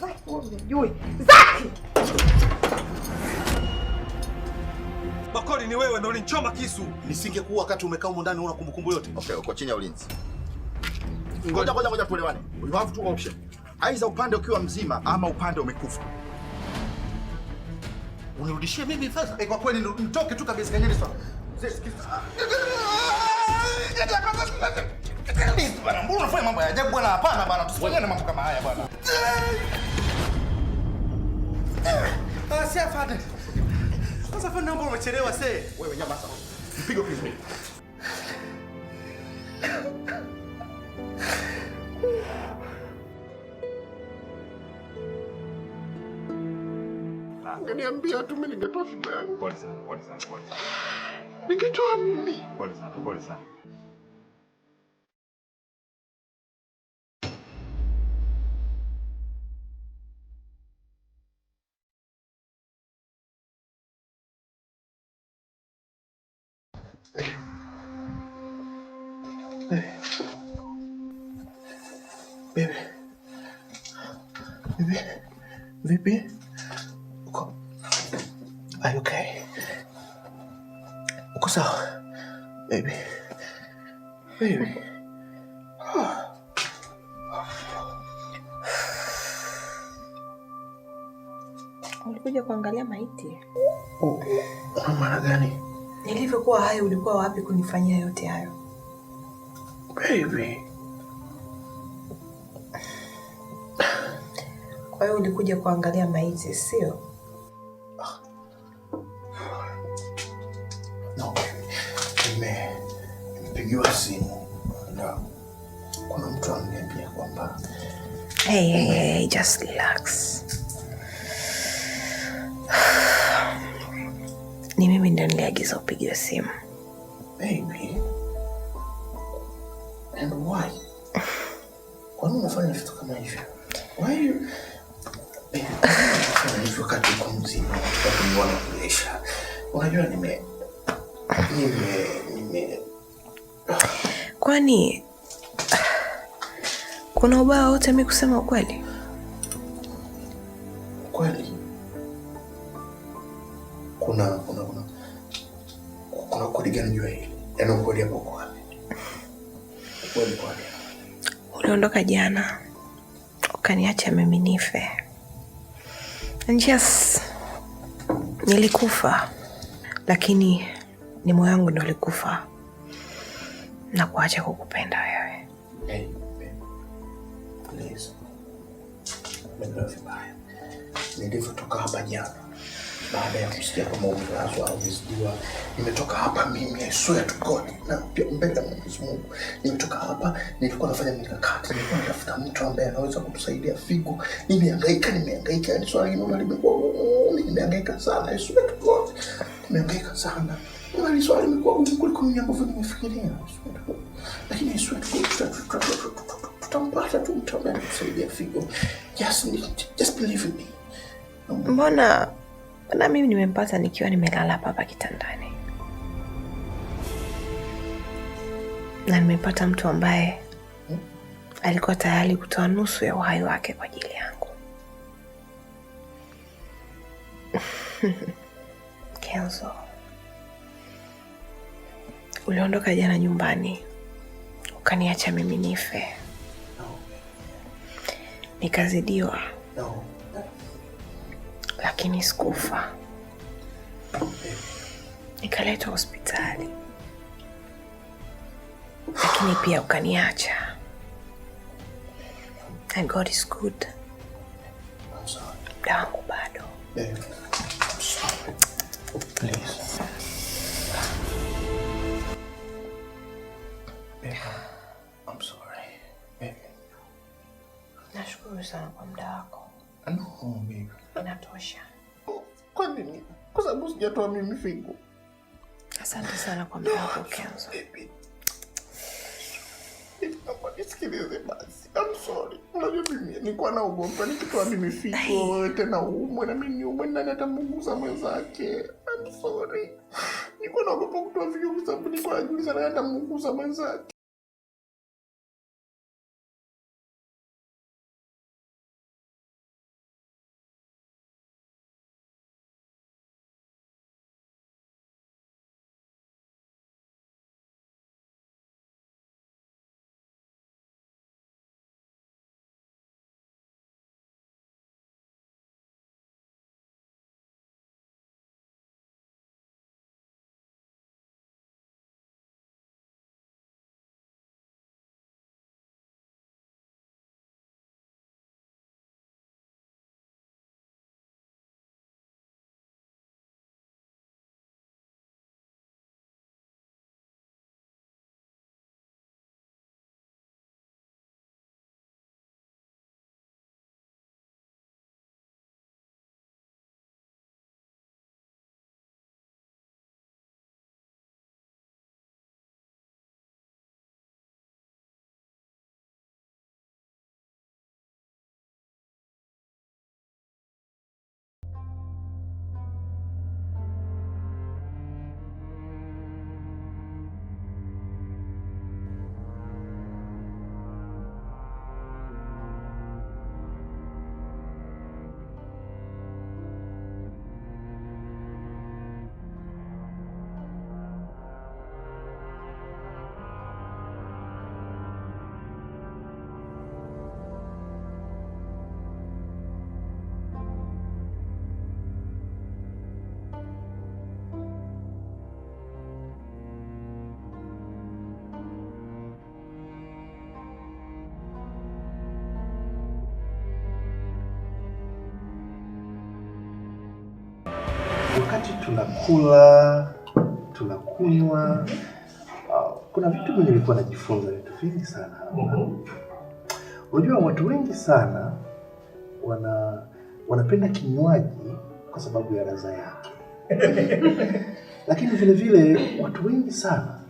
Zat oğlum. Yuy. Zat! Makori ni wewe ndio ulinichoma kisu. Nisingekuwa wakati umekaa huko ndani una kumbukumbu yote. Okay, uko chini ya ulinzi. Ngoja ngoja ngoja tuelewane. You have two options. Aidha upande ukiwa mzima ama upande umekufa. Unirudishie mimi fedha? Eh, kwa kweli nitoke tu kabisa kwenye hili swala. Bwana, mbona unafanya mambo ya ajabu bwana? Hapana bwana, tusifanyane mambo kama haya bwana. Ah, si afadhali. Sasa fanya mambo umechelewa sasa. Wewe nyama sasa. Mpigo pili. Angeniambia tu mimi ningetoa shida yangu. Pole sana, pole sana, pole sana. Ningetoa mimi. Pole sana, pole sana. Vipi, uko are you okay? Uko sawa baby? Baby, ulikuja kuangalia maiti? Kwa oh, maana gani? Nilivyokuwa hai, ulikuwa wapi kunifanyia yote hayo baby? wewe ulikuja kuangalia maiti, sio? No, nimepigiwa simu na kuna mtu ananiambia kwamba hey, hey, hey, just relax. Ni mimi ndio niliagiza upigiwe simu. Baby. And why? Kwa nini unafanya vitu kama hivyo? Why are you wakati uko mzima watu kuniona kunyesha. Unajua nime nime nime kwani kuna ubaya wote mimi kusema ukweli? ukweli? kuna kuna kuna kuna ukweli gani jua hili? Yaani ukweli hapo uko wapi? Ukweli kwa nini? Uliondoka jana ukaniacha mimi nife. And yes, nilikufa, lakini ni moyo wangu ndio ulikufa na kuacha kukupenda wewe. Hey, nilivyotoka hapa jana baada ya kusikia kwamba umelazwa au umezidiwa. Nimetoka hapa mimi, I swear to God, na pia mbele ya Mwenyezi Mungu, nimetoka hapa, nilikuwa nafanya mikakati, nilikuwa natafuta mtu ambaye anaweza kutusaidia Figo. Nimehangaika, nimehangaika, yani swala hili limekuwa gumu, nimehangaika sana, I swear to God, nimehangaika sana limekuwa kuliko mimi ambavyo nimefikiria. Lakini I swear to God, tutampata tu mtu ambaye Figo. Just, just believe in me. Mbona na mimi nimempata nikiwa nimelala papa kitandani, na nimepata mtu ambaye alikuwa tayari kutoa nusu ya uhai wake kwa ajili yangu. Kenzo, uliondoka jana nyumbani ukaniacha mimi nife, nikazidiwa no lakini sikufa, nikaletwa hospitali, lakini pia ukaniacha. And God is good, muda wangu bado. Nashukuru sana kwa muda wako. No, baby. Inatosha. Kwa nini? Kwa sababu sijatoa mimi figo. Asante sana kwa muda wako Kenzo. Nisikilize basi. I'm sorry. Unajua mimi nilikuwa naogopa nikitoa mimi figo tena umwe na mimi niumwe nani atamugusa mwenzake. I'm sorry. Nilikuwa naogopa kutoa figo kwa sababu nilikuwa najiuliza nani atamugusa mwenzake. tunakula tunakunywa. kuna vitu vingi nilikuwa najifunza vitu vingi sana mm-hmm. Unajua watu wengi sana wana wanapenda kinywaji kwa sababu ya raza yake lakini vile vile watu wengi sana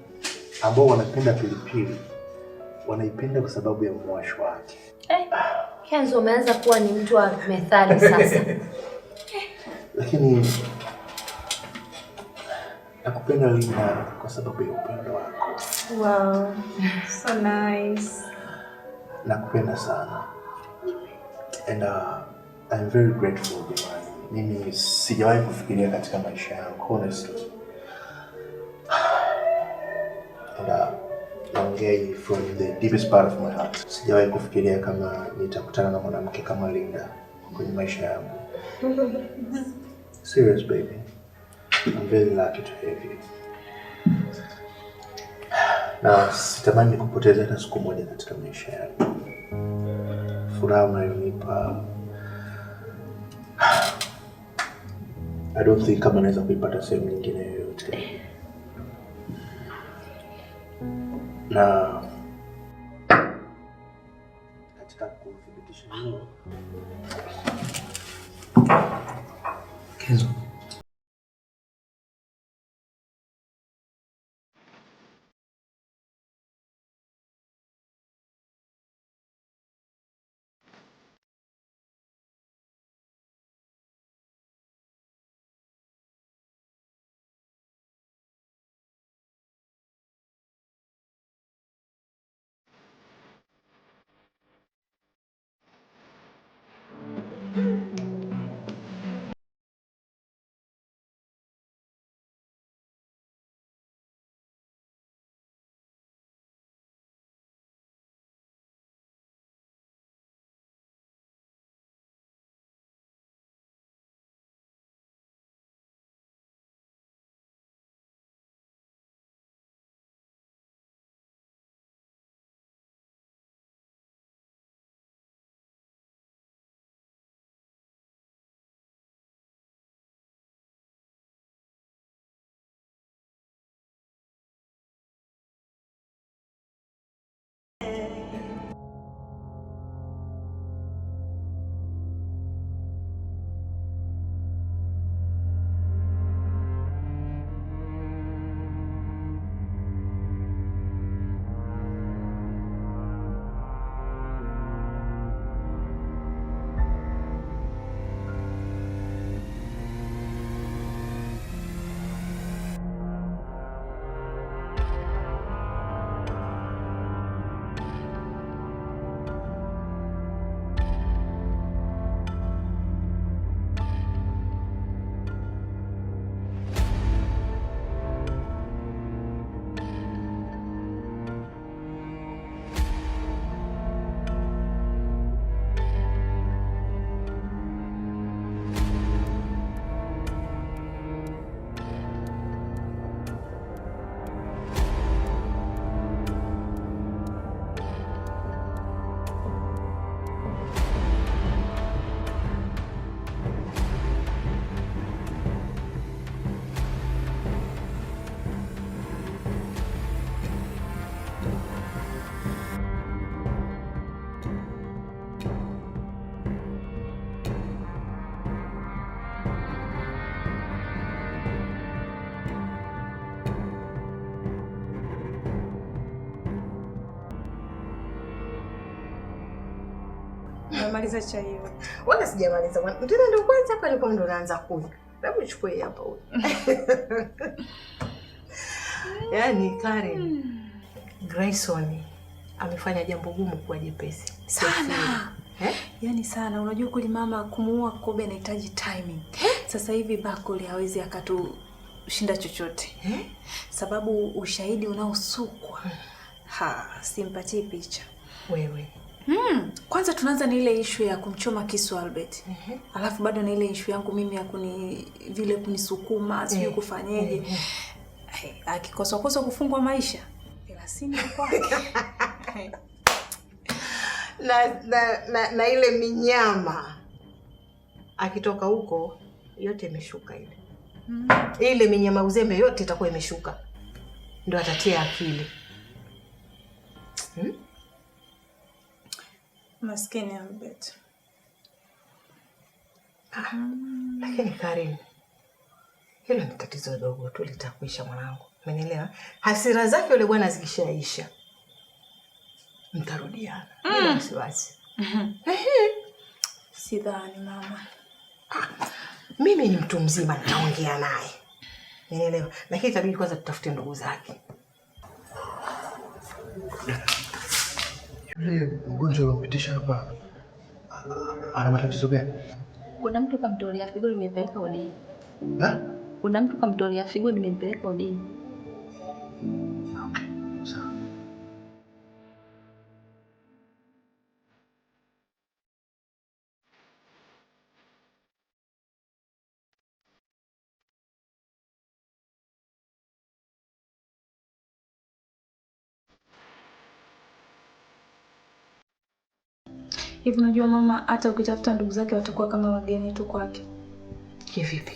ambao wanapenda pilipili wanaipenda kwa sababu ya mwasho wake. Eh, Kenzo umeanza kuwa ni mtu wa methali sasa. Lakini Nakupenda Lina kwa sababu ya upendo wako. Wow, so nice. Nakupenda sana. And uh, I'm very grateful to you. Mimi sijawahi kufikiria katika maisha yangu honestly. And uh, naongea from the deepest part of my heart. Sijawahi kufikiria kama nitakutana na mwanamke kama Linda kwenye maisha yangu. Serious baby mbele la lucky to Na sitamani kupoteza hata siku moja katika maisha yangu. Furaha unayonipa I don't think kama naweza kuipata sehemu nyingine yoyote, na katika kuthibitisha hiyo Shamaliza chai hiyo. Wala sijamaliza. Mtenda ndio kwanza hapa alikuwa ndo anaanza kunywa. Hebu chukue hapa huyu. Yaani Karen hmm. Grayson amefanya jambo gumu kuwa jepesi. Sana. Eh? Yaani sana. Unajua kuli mama kumuua Kobe anahitaji timing. Eh? Sasa hivi Bakoli hawezi akatu shinda chochote. Eh? Sababu ushahidi unaosukwa. Hmm. Ha, simpatii picha. Wewe. Mm, kwanza tunaanza na ile ishu ya kumchoma kisu Albert. mm -hmm. Alafu bado na ile ishu yangu mimi ya kuni vile kunisukuma sijui mm -hmm. kufanyeje. mm -hmm. Akikosa kosa kufungwa maisha thelathini kwake na, na, na, na ile minyama akitoka huko yote imeshuka ile. mm -hmm. Ile minyama uzembe yote itakuwa imeshuka, ndo atatia akili hmm? Maskini Ambet. Ah, hmm. Lakini Karim, hilo ni tatizo dogo tu litakuisha mwanangu, umenielewa? Hasira zake yule bwana zikishaisha mtarudiana bila hmm. wasiwasi. Mhm. Sidhani mama, ah, mimi ni mtu mzima nitaongea naye, umenielewa? Lakini itabidi kwanza tutafute ndugu zake yule mgonjwa ulimpitisha hapa ana matatizo gani? Kuna mtu kamtolea figo nimempeleka odini. Kuna mtu kamtolea figo nimempeleka odini. Hivi unajua mama, hata ukitafuta ndugu zake watakuwa kama wageni tu kwake. Kivipi?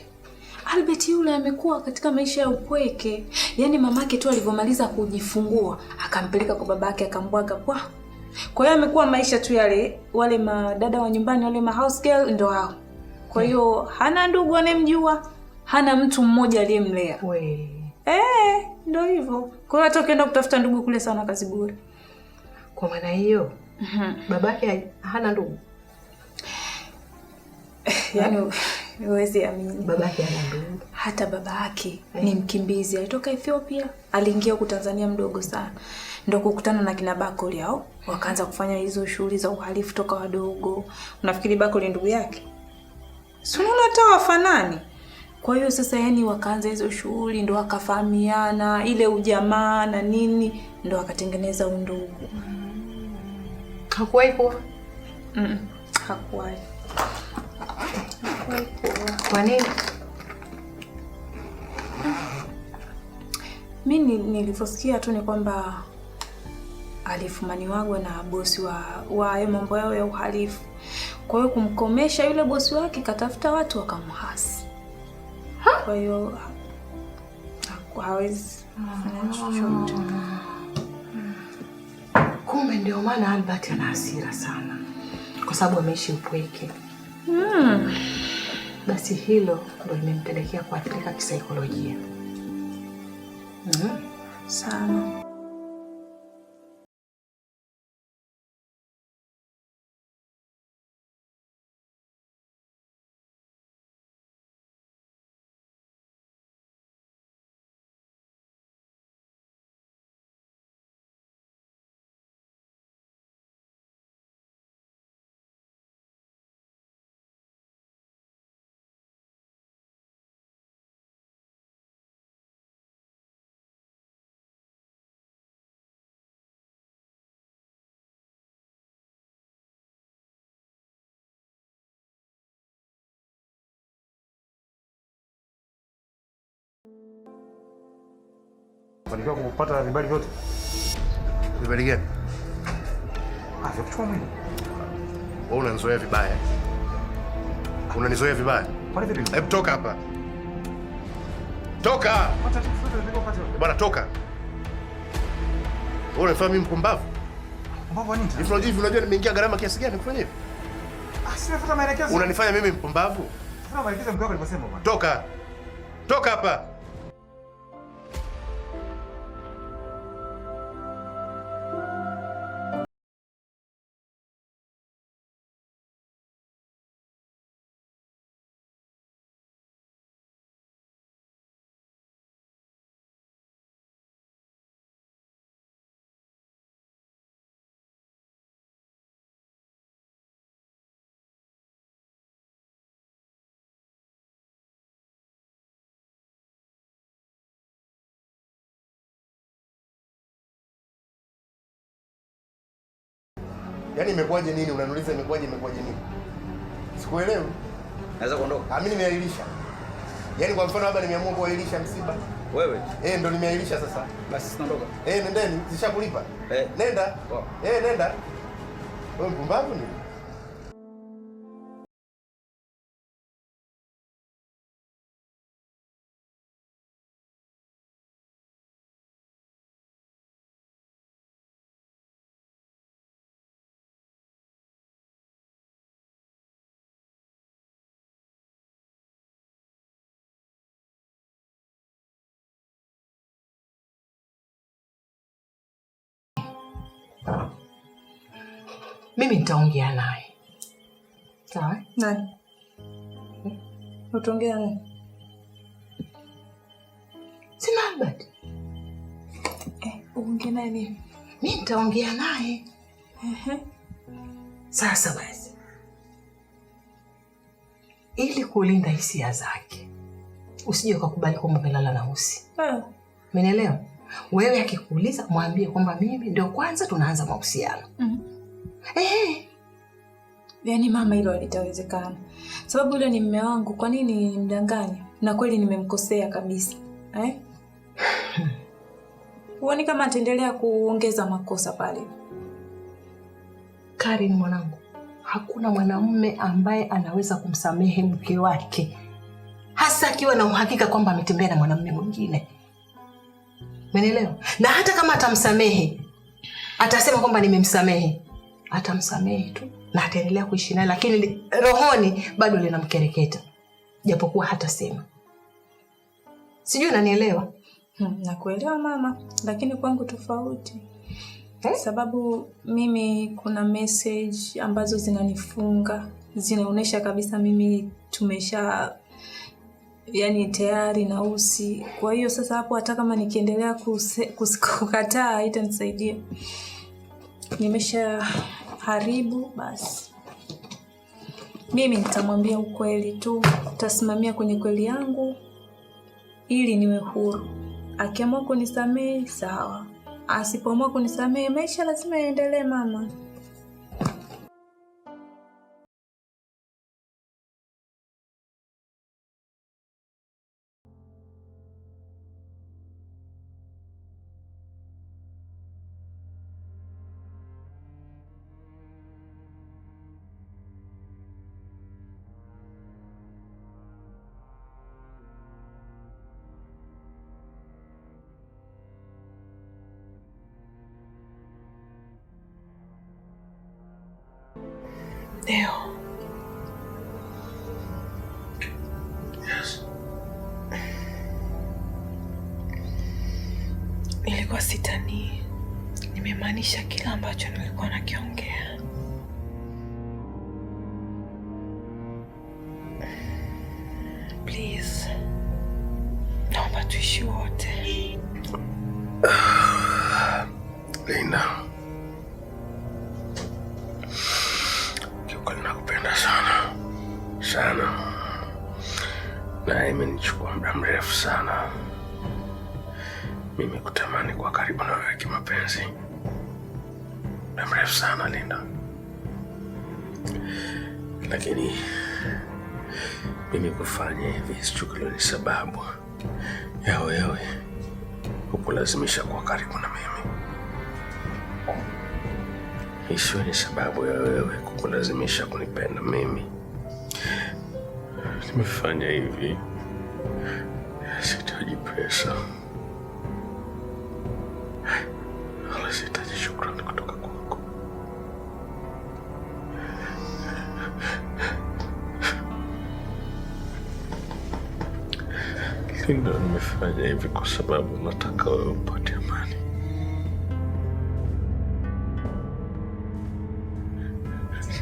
Albert yule amekuwa katika maisha ya upweke, yaani mamake tu alivyomaliza kujifungua akampeleka kwa babake akambwaga kwa. Kwa hiyo amekuwa maisha tu yale, wale madada wa nyumbani, wale ma house girl ndo hao. Kwa hiyo hmm, hana ndugu anemjua, hana mtu mmoja aliyemlea. We. Eh, ndio hivyo. Kwa hiyo hata ukienda kutafuta ndugu kule sana kazi bure. Kwa maana hiyo Mhm. babake hana ndugu yaani huwezi amini, babake hana ndugu. Hata babake eh. ni mkimbizi, alitoka Ethiopia, aliingia huku Tanzania mdogo sana, ndo kukutana na kina Bakoli hao, wakaanza kufanya hizo shughuli za uhalifu toka wadogo. Unafikiri Bakoli ndugu yake? Si unaona hata wafanani. Kwa hiyo sasa, yani wakaanza hizo shughuli, ndo wakafahamiana ile ujamaa na nini, ndo wakatengeneza undugu. Hakuwahi kuwa? Mm, hakuwahi. Kwa nini? Mimi nilivyosikia tu ni kwamba alifumaniwagwa na bosi wa wa mambo yao ya uhalifu. Kwa hiyo kumkomesha yule bosi wake katafuta watu wakamhasi. Kwa hiyo hawezi kufanya chochote. Kumbe ndio maana Albert ana hasira sana kwa sababu ameishi upweke. Mm. Basi hilo ndio limempelekea kuathirika kisaikolojia. Mm. Sana. Fanikiwa kupata vibali vyote. Vibali gani? Ah, vya kuchukua mwili. Wewe unanizoea vibaya. Unanizoea vibaya. Kwani vipi? Hebu toka hapa. Toka! Bwana toka. Wewe unafahamu mimi mpumbavu? Mpumbavu nini? Hivi unajua hivi unajua nimeingia gharama kiasi gani kufanya hivi? Ah, si nafuta maelekezo. Unanifanya mimi mpumbavu? Sina maelekezo mkao aliposema bwana. Toka. Toka hapa. Yaani imekuwaje nini? Unaniuliza imekuwaje, imekuwaje nini? Sikuelewi. Naweza kuondoka. Ah, mimi nimeahirisha. Yaani kwa mfano labda nimeamua kuahirisha msiba. Wewe? Eh, ndo nimeahirisha sasa. Basi tunaondoka. Eh, nendeni, zishakulipa. Eh. Nenda. Eh, nenda. Wewe mpumbavu ni? mimi nitaongea naye sawa. Nani utaongea naye? Sina Albert. Eh, naye nini? Mimi nitaongea naye. Ehe, sasa basi, ili kulinda hisia zake usije ukakubali kwamba umelala na Ussi, ah. menelewa. Wewe akikuuliza mwambie kwamba mimi ndio kwanza tunaanza mahusiano. mm -hmm. Eh. Yaani mama, hilo halitawezekana, sababu yule ni mme wangu. Kwa nini nimdanganya? Na kweli nimemkosea kabisa eh? Huoni kama ataendelea kuongeza makosa pale? Karin, mwanangu, hakuna mwanamume ambaye anaweza kumsamehe mke wake, hasa akiwa na uhakika kwamba ametembea na mwanamume mwingine, Umeelewa? Na hata kama atamsamehe, atasema kwamba nimemsamehe atamsamehe tu na ataendelea kuishi naye, lakini rohoni bado linamkereketa japokuwa hata sema Sijui nanielewa? Hmm, nakuelewa mama, lakini kwangu tofauti eh? Sababu mimi kuna message ambazo zinanifunga zinaonyesha kabisa mimi tumesha yani tayari na usi. Kwa hiyo sasa hapo hata kama nikiendelea kukataa haitanisaidia nimesha haribu basi mimi nitamwambia ukweli tu, tasimamia kwenye kweli yangu ili niwe huru. Akiamua kunisamehe sawa, asipoamua kunisamehe, maisha lazima yaendelee mama. Neo. Nilikuwa sitanii, nimemaanisha kila ambacho nilikuwa nakiongea. Please, naomba tuishi wote. Nimekutamani kwa karibu na wewe kimapenzi muda mrefu sana Linda, lakini mimi kufanya hivi sichukuliwe ni sababu ya wewe kukulazimisha kuwa karibu na mimi, isiwe ni sababu ya wewe kukulazimisha kunipenda mimi. Nimefanya hivi sitaji pesa Sindo nimefanya hivi kwa sababu nataka wewe upate amani.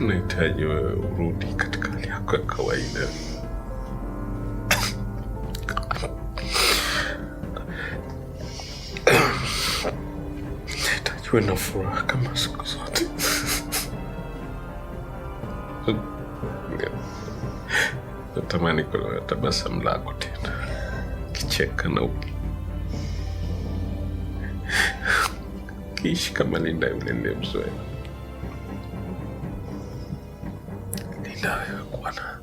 Nahitaji wewe urudi katika hali yako ya kawaida. Nahitaji uwe na furaha kama siku zote. Natamani kuona tabasamu lako kucheka na ukiishi kama Linda yule niliyemzoea. Linda, wewe kuwa na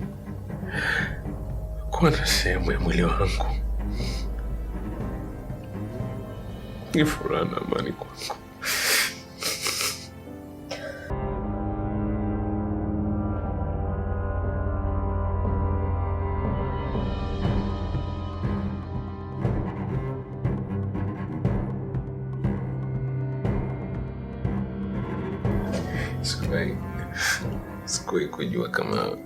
kuwa na sehemu ya mwili wangu ni furaha na amani kwangu. najua kama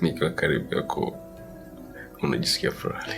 nikiwa karibu yako unajisikia furaha